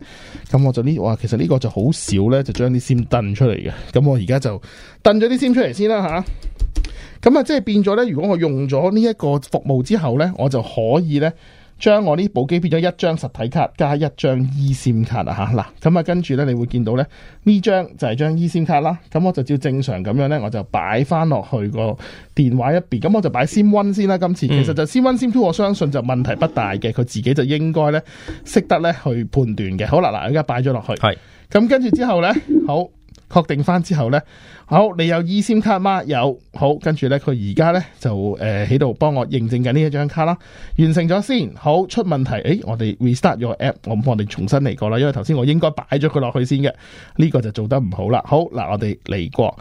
嗯、我就呢，哇，其實呢個就好少呢，就將啲線掟出嚟嘅。咁我而家就掟咗啲線出嚟先啦吓。咁啊，即係變咗呢？如果我用咗呢一個服務之後呢，我就可以呢。將我呢部機變咗一張實體卡加一張 e 閃卡啊嚇嗱咁啊跟住咧你會見到咧呢張就係張依閃卡啦咁我就照正常咁樣咧我就擺翻落去個電話一邊咁我就擺先 i m 先啦今次其實就先 i m m two 我相信就問題不大嘅佢自己就應該咧識得咧去判斷嘅好啦嗱而家擺咗落去咁跟住之後咧好。確定翻之後呢，好，你有 eSIM 卡嗎？有，好，跟住呢，佢而家呢，就誒喺度幫我認證緊呢一張卡啦，完成咗先，好出問題，誒，我哋 restart 咗個 app，我唔我哋重新嚟過啦，因為頭先我應該擺咗佢落去先嘅，呢、這個就做得唔好啦。好，嗱，我哋嚟過，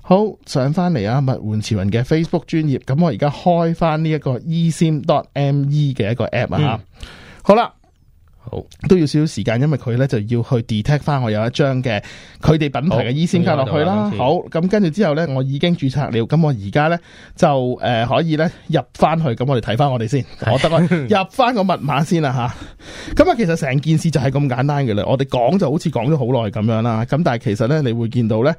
好上翻嚟啊，物玩潮人嘅 Facebook 專頁，咁我而家開翻呢一個 eSIM dot me 嘅一個 app 啊、嗯，好啦。好，都要少少時間，因為佢咧，就要去 detect 翻我有一張嘅佢哋品牌嘅 eSIM 卡落去啦。好，咁跟住之後咧，我已經註冊了，咁我而家咧就誒、呃、可以咧入翻去，咁我哋睇翻我哋先，我得啦，入翻個密碼先啦吓。咁啊，其實成件事就係咁簡單嘅啦。我哋講就好似講咗好耐咁樣啦。咁但係其實咧，你會見到咧，誒、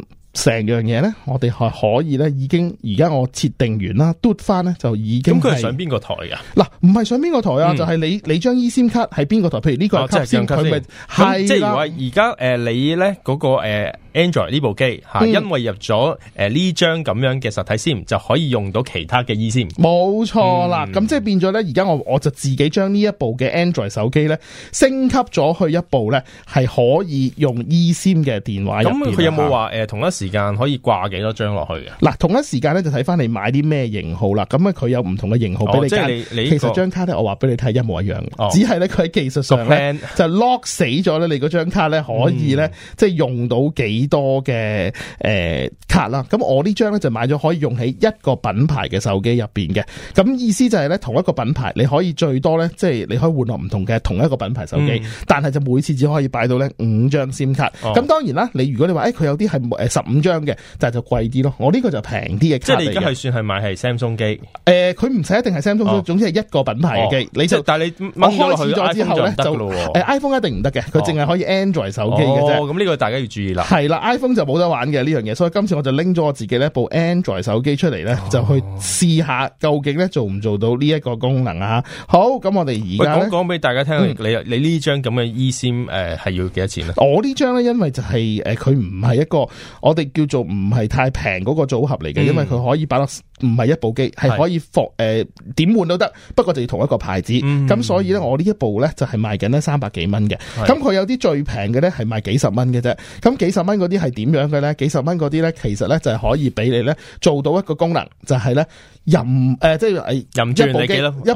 呃。成樣嘢咧，我哋係可以咧，已經而家我設定完啦，嘟翻咧就已經。咁佢係上邊個台噶？嗱、啊，唔係上邊個台啊，嗯、就係你你張 eSIM 卡喺邊個台？譬如呢個、哦、即卡先，佢咪係啦。即係話而家誒，你咧嗰、嗰個誒。呃 Android 呢部機吓，因為入咗誒呢張咁樣嘅實體 SIM、嗯、就可以用到其他嘅 E SIM 冇錯啦，咁、嗯、即係變咗咧。而家我我就自己將呢一部嘅 Android 手機咧升級咗去一部咧係可以用 E SIM 嘅電話。咁佢有冇話誒同一時間可以掛幾多張落去嘅？嗱、呃，同一時間咧就睇翻你買啲咩型號啦。咁啊，佢有唔同嘅型號俾你、哦、你。即係你、這個，其實張卡咧，我話俾你睇一模一樣、哦，只係咧佢喺技術上咧就 lock 死咗咧你嗰張卡咧可以咧、嗯、即係用到幾。多嘅誒、呃、卡啦，咁我呢張咧就買咗可以用喺一個品牌嘅手機入邊嘅，咁意思就係咧同一個品牌你可以最多咧即係你可以換落唔同嘅同一個品牌手機、嗯，但係就每次只可以擺到咧五張 SIM 卡，咁、哦、當然啦，你如果你話誒佢有啲係誒十五張嘅，但就就貴啲咯，我呢個就平啲嘅卡。即係你而家係算係買係 Samsung 機，誒佢唔使一定係 Samsung，、哦、總之係一個品牌嘅機、哦。你就但係你掹咗落去之後咧就,就、呃、iPhone 一定唔得嘅，佢淨係可以 Android 手機嘅啫。咁、哦、呢個大家要注意啦，係啦。iPhone 就冇得玩嘅呢樣嘢，所以今次我就拎咗我自己呢部 Android 手機出嚟咧，Oh. 就去試下究竟咧做唔做到呢一個功能啊！好，咁我哋而家講講俾大家聽，嗯、你你呢張咁嘅 eSIM、呃、呢張咁嘅 eSIM 誒係要幾多錢咧？我呢張咧，因為就係誒佢唔係一個我哋叫做唔係太平嗰個組合嚟嘅、嗯，因為佢可以擺落唔係一部機，係可以放誒點換都得，不過就要同一個牌子。咁、嗯、所以咧，我呢一部咧就係、是、賣緊咧三百幾蚊嘅，咁佢有啲最平嘅咧係賣幾十蚊嘅啫，咁幾十蚊。嗰啲係點樣嘅咧？幾十蚊嗰啲咧，其實咧就係可以俾你咧做到一個功能，就係、是、咧任誒、呃，即係、欸、任轉幾多，一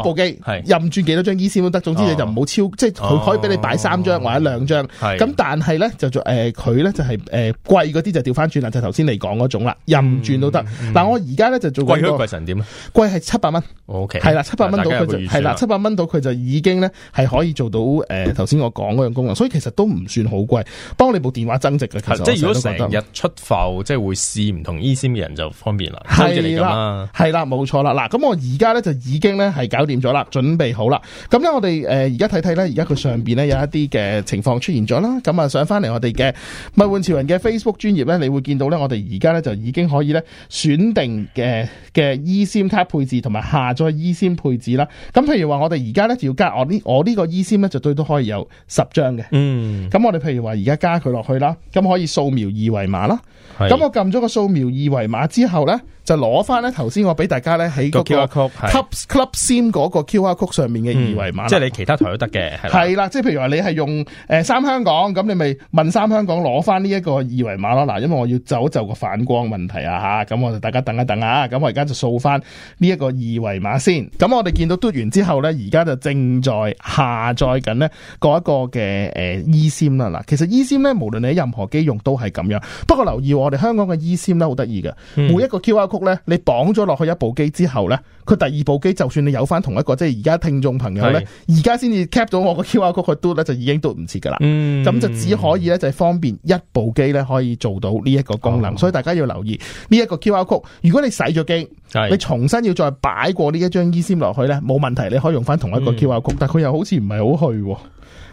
部機、哦、任轉幾多張 eSIM 都得。總之你就唔好超，哦、即係佢可以俾你擺三張或者兩張。咁、哦、但係咧就做誒，佢、呃、咧就係誒貴嗰啲就調返轉啦。就頭先你講嗰種啦，任轉都得。但我而家咧就做貴咗貴神點咧？貴係七百蚊。O K，係啦，七百蚊到佢就係啦，七百蚊到佢就已經咧係可以做到誒，頭、呃、先我講嗰樣功能，所以其實都唔算好貴，幫你部電話增值嘅其實。即係如果成日出埠，即係會試唔同 eSIM 嘅人就方便啦。係、啊、啦，係啦，冇錯啦。嗱，咁我而家咧就已經咧係搞掂咗啦，準備好啦。咁因我哋而家睇睇咧，而家佢上面咧有一啲嘅情況出現咗啦。咁啊，上翻嚟我哋嘅物玩潮人嘅 Facebook 專頁咧，你會見到咧，我哋而家咧就已經可以咧選定嘅嘅 eSIM 卡配置同埋下載 eSIM 配置啦。咁譬如話，我哋而家咧要加我呢，我呢個 eSIM 咧就都都可以有十張嘅。嗯，咁我哋譬如話而家加佢落去啦，咁可以。掃描二維碼啦，咁我撳咗個掃描二維碼之後咧。就攞翻咧，頭先我俾大家咧喺嗰個 club club sim 嗰個 QR 曲上面嘅二維碼。嗯、即係你其他台都得嘅。係 啦，即係譬如話你係用、呃、三香港，咁你咪問三香港攞翻呢一個二維碼咯。嗱，因為我要走一就個反光問題啊吓，咁我哋大家等一等啊，咁我而家就掃翻呢一個二維碼先。咁我哋見到嘟完之後咧，而家就正在下載緊呢嗰一個嘅誒 E sim 啦。嗱、呃嗯，其實 E sim 咧，無論你喺任何機用都係咁樣。不過留意我哋香港嘅 E sim 咧，好得意嘅，每一個 QR 曲。你綁咗落去一部機之後呢，佢第二部機就算你有翻同一個即係而家聽眾朋友呢，而家先至 cap 到我個 Q R code 去嘟 o 咧，就已經嘟唔切噶啦。咁、嗯、就只可以呢，就係方便一部機呢可以做到呢一個功能，哦，所以大家要留意呢一、呢個 Q R code。如果你洗咗機，你重新要再擺過呢一張 e sim 落去呢，冇問題，你可以用翻同一個 Q R code、嗯、但佢又好似唔係好去。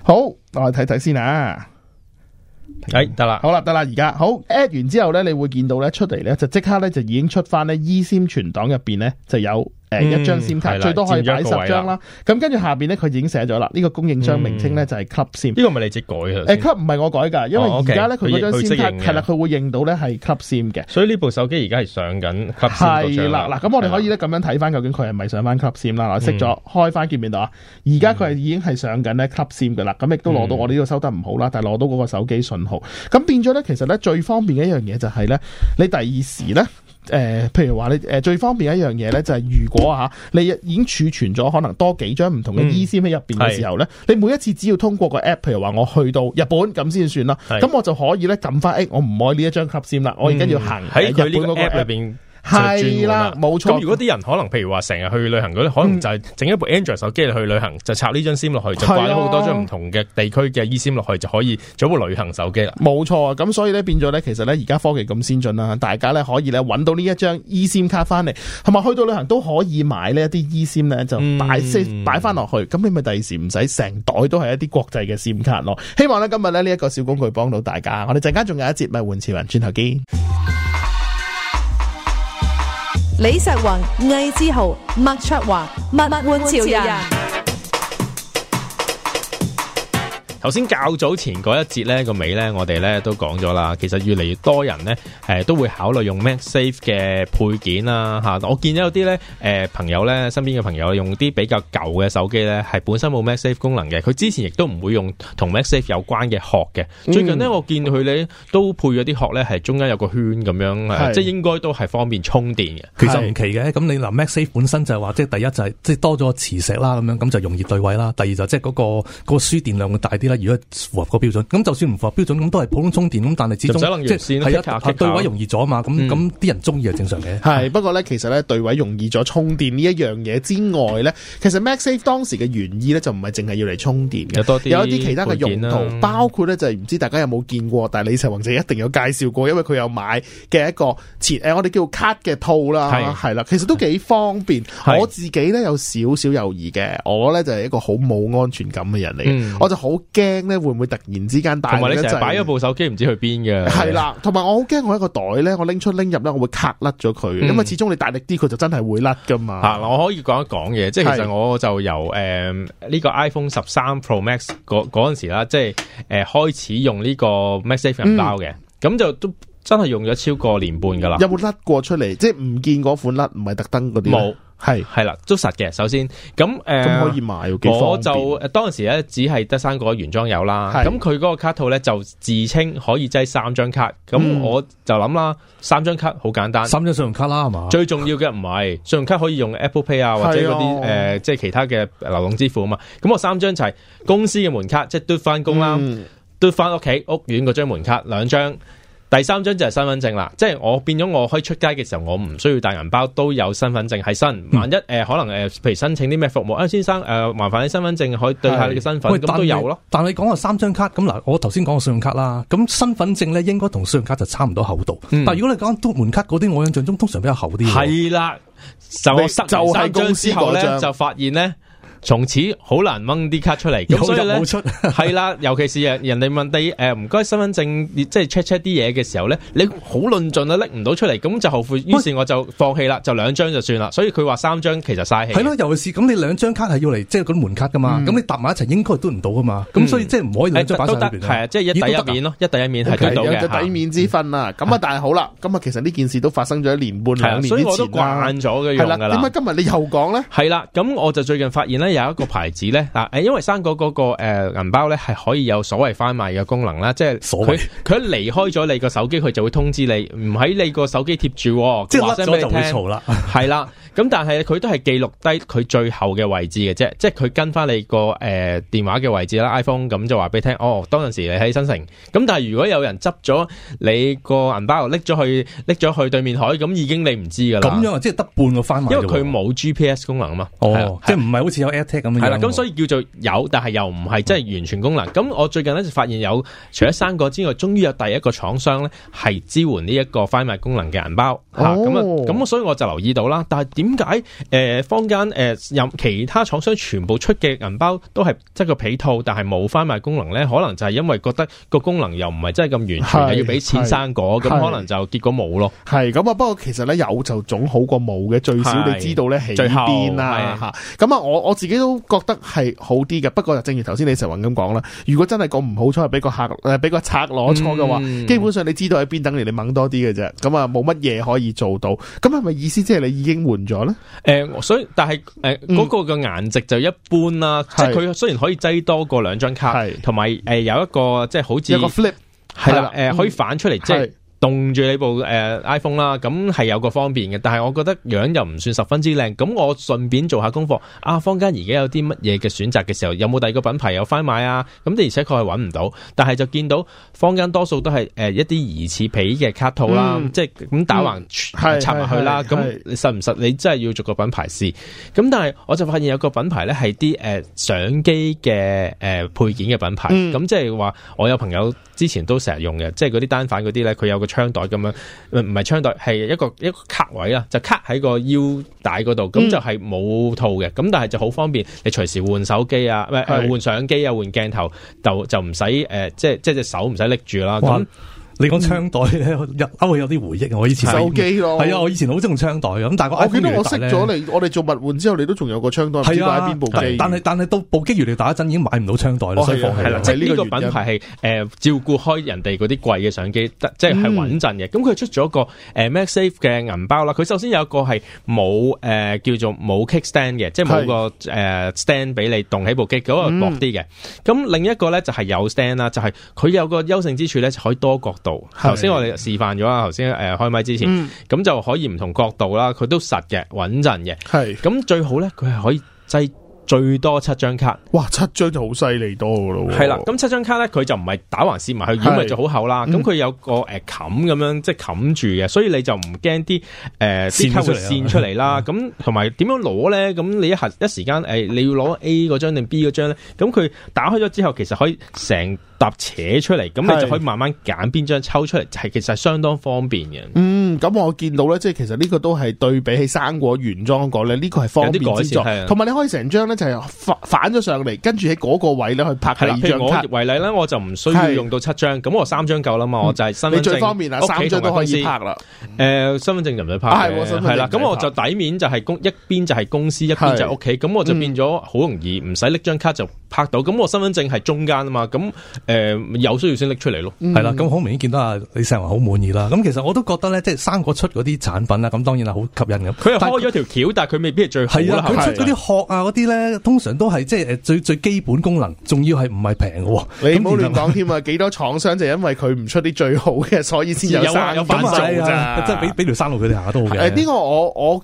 好，我哋睇睇先啊。哎，得啦，好啦，得啦，而家好，at 完之後咧，你會見到咧，出嚟咧，就即刻咧就已經出翻咧，eSIM 先存檔入邊咧就有。誒、嗯，一張 SIM 卡最多可以擺十張啦。咁跟住下邊咧，佢已經寫咗啦。呢、這個供應商名稱咧就係 Club SIM、嗯。呢個唔係你直改啊？誒，Club 唔係我改噶因為而家咧佢嗰張 SIM 卡係啦，佢會認到咧係 Club SIM 嘅。所以呢部手機而家係上緊 Club SIM 嘅。係啦，嗱咁我哋可以咧咁樣睇翻，究竟佢係咪上翻 Club SIM 啦？我熄咗開翻界面度啊。而家佢係已經係上緊咧 Club SIM 嘅啦。咁亦都攞到我哋呢度收得唔好啦，但係攞到嗰個手機信號。咁變咗咧，其實咧最方便嘅一樣嘢就係、是、咧，你第二時咧。誒、呃，譬如話你誒、呃、最方便一樣嘢咧，就係、是、如果吓、啊、你已經儲存咗可能多幾張唔同嘅 eSIM 喺入邊嘅時候咧、嗯，你每一次只要通過個 app，譬如話我去到日本咁先算啦，咁我就可以咧撳翻誒，我唔愛呢一張 Club 先啦、嗯，我而家要行喺、呃、日本個 app 入邊。係啦，冇錯。咁如果啲人可能，譬如話成日去旅行嗰啲，可能就係整一部 Android 手機去旅行，嗯、就插呢張 SIM 落去，擺咗好多張唔同嘅地區嘅 eSIM 落去就可以做一部旅行手機啦。冇錯啊，咁所以咧變咗咧，其實咧而家科技咁先進啦，大家咧可以咧揾到呢一張 eSIM 卡翻嚟，同埋去到旅行都可以買呢一啲 eSIM 咧就擺擺翻落去，咁你咪第二時唔使成袋都係一啲國際嘅 SIM 卡咯。希望咧今日呢，呢一個小工具幫到大家。我哋陣間仲有一節咪換次云，轉頭見。李錫宏、魏志豪、麥卓華、物玩潮人。頭先較早前嗰一節咧、個尾咧，我哋咧都講咗啦。其實越嚟越多人咧、呃，都會考慮用 MagSafe 嘅配件啦、啊啊、我見有啲咧、呃，朋友咧身邊嘅朋友用啲比較舊嘅手機咧，係本身冇 MagSafe 功能嘅。佢之前亦都唔會用同 MagSafe 有關嘅殼嘅。最近呢，嗯、我見到佢咧都配咗啲殼咧，係中間有個圈咁樣，即係應該都係方便充電嘅。其實唔奇嘅。咁你諗、啊、MagSafe 本身就係話，即係第一就係、是、即多咗磁石啦咁樣，咁就容易對位啦。第二就即嗰、嗰個嗰、嗰個輸、嗰個、電量會大啲。如果符合個標準，咁就算唔符合標準，咁都係普通充電咁。但係始終，就只能越線啦，強擊㗎。對，對位容易咗嘛？咁咁啲人中意係正常嘅。係，不過咧，其實咧，對位容易咗充電呢一樣嘢之外咧，其實 MagSafe 當時嘅原意咧，就唔係淨係要嚟充電嘅，有一啲其他嘅用途，包括咧就係、是、唔知大家有冇見過，但係李世宏就一定有介紹過，因為佢有買嘅一個前誒，我哋叫做卡嘅套啦，係啦，其實都幾方便。我自己咧有少少猶豫嘅，我咧就係一個好冇安全感嘅人嚟、嗯、我就好。驚咧會唔會突然之間大？同埋你成日擺咗部手機唔知去邊嘅。係啦，同 埋我好驚我一個袋咧，我拎出拎入咧，我會卡甩咗佢。因為，始終你大力啲，佢就真係會甩噶嘛。吓、嗯，我可以講一講嘢，即係其實我就由誒呢、呃這個 iPhone 十三 Pro Max 嗰陣陣時啦，即係誒、呃、開始用呢個 MagSafe 銀包嘅。咁、嗯、就都真係用咗超過年半噶啦。有冇甩過出嚟？即係唔見嗰款甩，唔係特登嗰啲？冇。係係啦，捉實嘅。首先咁，誒、嗯呃，可以買。我就當時咧只係得三個原裝有啦。咁佢嗰個卡套咧就自稱可以擠三張卡。咁、嗯、我就諗啦，三張卡好簡單。三張信用卡啦，係嘛？最重要嘅唔係信用卡可以用 Apple Pay 啊，或者嗰啲誒，即係、啊呃、其他嘅流動支付啊嘛。咁我三張齊公司嘅門卡，嗯、即係嘟翻工啦，嘟、嗯、翻屋企屋苑嗰張門卡，兩張。第三張就係身份證啦，即係我變咗我可以出街嘅時候，我唔需要帶銀包，都有身份證喺身。萬一誒可能誒，譬如申請啲咩服務啊，哎，先生誒麻煩你身份證可以對下你嘅身份，咁都有咯。但係你講啊三張卡咁嗱，我頭先講個信用卡啦，咁身份證咧應該同信用卡就差唔多厚度。嗯、但係如果你講到門卡嗰啲，我印象中通常比較厚啲。係啦，就就之後咧就發現咧。從此好難掹啲卡出嚟，咁所以咧係 啦，尤其是人哋問你誒，唔、呃、該身份證，即係 check check 啲嘢嘅時候咧，你好論盡都拎唔到出嚟，咁就後悔。於是我就放棄啦，就兩張就算啦。所以佢話三張其實嘥氣。係咯，尤其是咁你兩張卡係要嚟即係嗰啲門卡噶嘛，咁、嗯、你搭埋一齊應該都唔到噶嘛。咁、嗯、所以即係唔可以兩、欸、都得，即係一底一面咯，欸啊、一底一面係、okay。有底面之分啊。咁、嗯、啊，但係好啦，咁啊，其實呢件事都發生咗一年半兩年，所以我都慣咗嘅樣噶啦。點解今日你又講咧？係 啦，咁我就最近發現咧。有一個牌子咧啊，誒，因為生果嗰、那個誒銀、呃、包咧係可以有所謂翻賣嘅功能啦，即係佢佢離開咗你個手機，佢就會通知你唔喺你個手機貼住，即係甩咗就會嘈啦，係啦。咁 但係佢都係記錄低佢最後嘅位置嘅啫，即係佢跟翻你個誒、呃、電話嘅位置啦，iPhone 咁就話俾你聽哦。當陣時你喺新城，咁但係如果有人執咗你個銀包，拎咗去拎咗去對面海，咁已經你唔知噶啦。咁樣即係得半個翻賣、賣，因為佢冇 GPS 功能啊嘛。哦，即係唔係好似有。係啦，咁所以叫做有，但係又唔係真係完全功能。咁、嗯、我最近咧就發現有，除咗生果之外，終於有第一個廠商咧係支援呢一個翻賣功能嘅銀包吓。咁、哦、啊，咁所以我就留意到啦。但係點解誒坊間誒任、呃、其他廠商全部出嘅銀包都係即、就是、個皮套，但係冇翻賣功能咧？可能就係因為覺得個功能又唔係真係咁完全，要俾錢生果，咁可能就結果冇咯。係咁啊，不過其實咧有就總好過冇嘅，最少你知道咧喺邊啦吓。咁啊，我我自己都覺得係好啲嘅，不過就正如頭先李成雲咁講啦。如果真係個唔好彩俾個客誒，俾個賊攞錯嘅話，基本上你知道喺邊等你，你掹多啲嘅啫。咁啊，冇乜嘢可以做到。咁係咪意思即係你已經換咗咧？誒、呃，所以、呃嗯、但係誒，嗰個嘅顏值就一般啦。嗯、即係佢雖然可以擠多過兩張卡，同埋誒有一個即係好似一個 flip 係啦，誒、嗯、可以反出嚟即係。凍住你部誒 iPhone 啦，咁係有個方便嘅，但係我覺得樣又唔算十分之靚，咁我順便做下功課啊，坊間而家有啲乜嘢嘅選擇嘅時候，有冇第二個品牌有翻買，買啊？咁的而且確係揾唔到，但係就見到坊間多數都係誒、呃、一啲疑似皮嘅卡套啦，嗯、即係咁打橫插埋去啦。咁、嗯、實唔實？你真係要做個品牌試，咁但係我就發現有個品牌咧係啲誒相機嘅誒配件嘅品牌，咁、嗯、即係話我有朋友之前都成日用嘅，即係嗰啲單反嗰啲咧，佢有個。槍袋咁樣，唔唔係槍袋，係一個一個卡位啦，就卡喺個腰帶嗰度，咁、嗯、就係冇套嘅，咁但係就好方便，你隨時換手機啊，、呃、啊，換換相機啊，換鏡頭就就唔使誒，即係即係隻手唔使拎住啦咁。嗯你講槍袋咧，一都會有啲回憶我以前手機咯，係啊，我以前好中意槍袋嘅。咁但係我見到我識咗你，你，我哋做物換之後，你都仲有個槍袋。係啊，但係但係到部機原來打一陣已經買唔到槍袋啦。係、哦、啊，所以放棄啦，即係呢個品牌係誒、嗯、照顧開人哋嗰啲貴嘅相機，即係係穩陣嘅。咁、嗯、佢出咗個誒、呃、MagSafe 嘅銀包啦。佢首先有一個係冇誒叫做冇 kickstand 嘅，即係冇個誒、嗯呃、stand 俾你棟起部機，嗰、那個薄啲嘅。咁、嗯嗯、另一個咧就係有 stand 啦，就係佢有個優勝之處咧，可以多角。頭先我哋示範咗啦，頭先誒開麥之前，咁、嗯、就可以唔同角度啦，佢都實嘅穩陣嘅，係、咁最好咧佢係可以擠。最多七張卡，哇！七張就好犀利多噶咯。係啦，咁七張卡咧，佢就唔係打橫線埋，去，咁咪就好厚啦。咁、嗯、佢有個誒冚咁樣，即係冚住嘅，所以你就唔驚啲誒線會線出嚟啦。咁同埋點樣攞咧？咁你一下一時間、呃、你要攞 A 嗰張定、呃、B 嗰張咧？咁佢打開咗之後，其實可以成沓扯出嚟，咁你就可以慢慢揀邊張抽出嚟，係其實係相當方便嘅。嗯咁、嗯、我見到咧，即係其實呢個都係對比起生果原裝，這個咧，呢個係方便之作，同埋你可以成張咧就係反咗上嚟，跟住喺嗰個位咧去拍。係，譬如我為例咧，我就唔需要用到七張，咁我三張夠啦嘛、嗯，我就係身份證、屋企同埋公司，你最方便啊，三張都可以拍、呃拍、哎、拍啦。誒，身份證就唔使拍，係啦。咁我就底面就係公一邊就係公司，一邊就係屋企，咁我就變咗好容易，唔使拎張卡就。拍到咁我身份證係中間啊嘛，咁誒、呃、有需要先拎出嚟咯，係啦，咁好明顯見到阿李世華好滿意啦。咁其實我都覺得咧，即係生果出嗰啲產品啦，咁當然啦好吸引咁。佢又開咗條橋，但係佢未必係最好啦。佢出嗰啲殼啊嗰啲咧，通常都係即係誒最最基本功能，仲要係唔係平嘅。你唔好亂講添啊！幾 多廠商就因為佢唔出啲最好嘅，所以先有,有有品、啊、做咋。真係俾俾條山路佢哋行下都好嘅。呢、這個我我。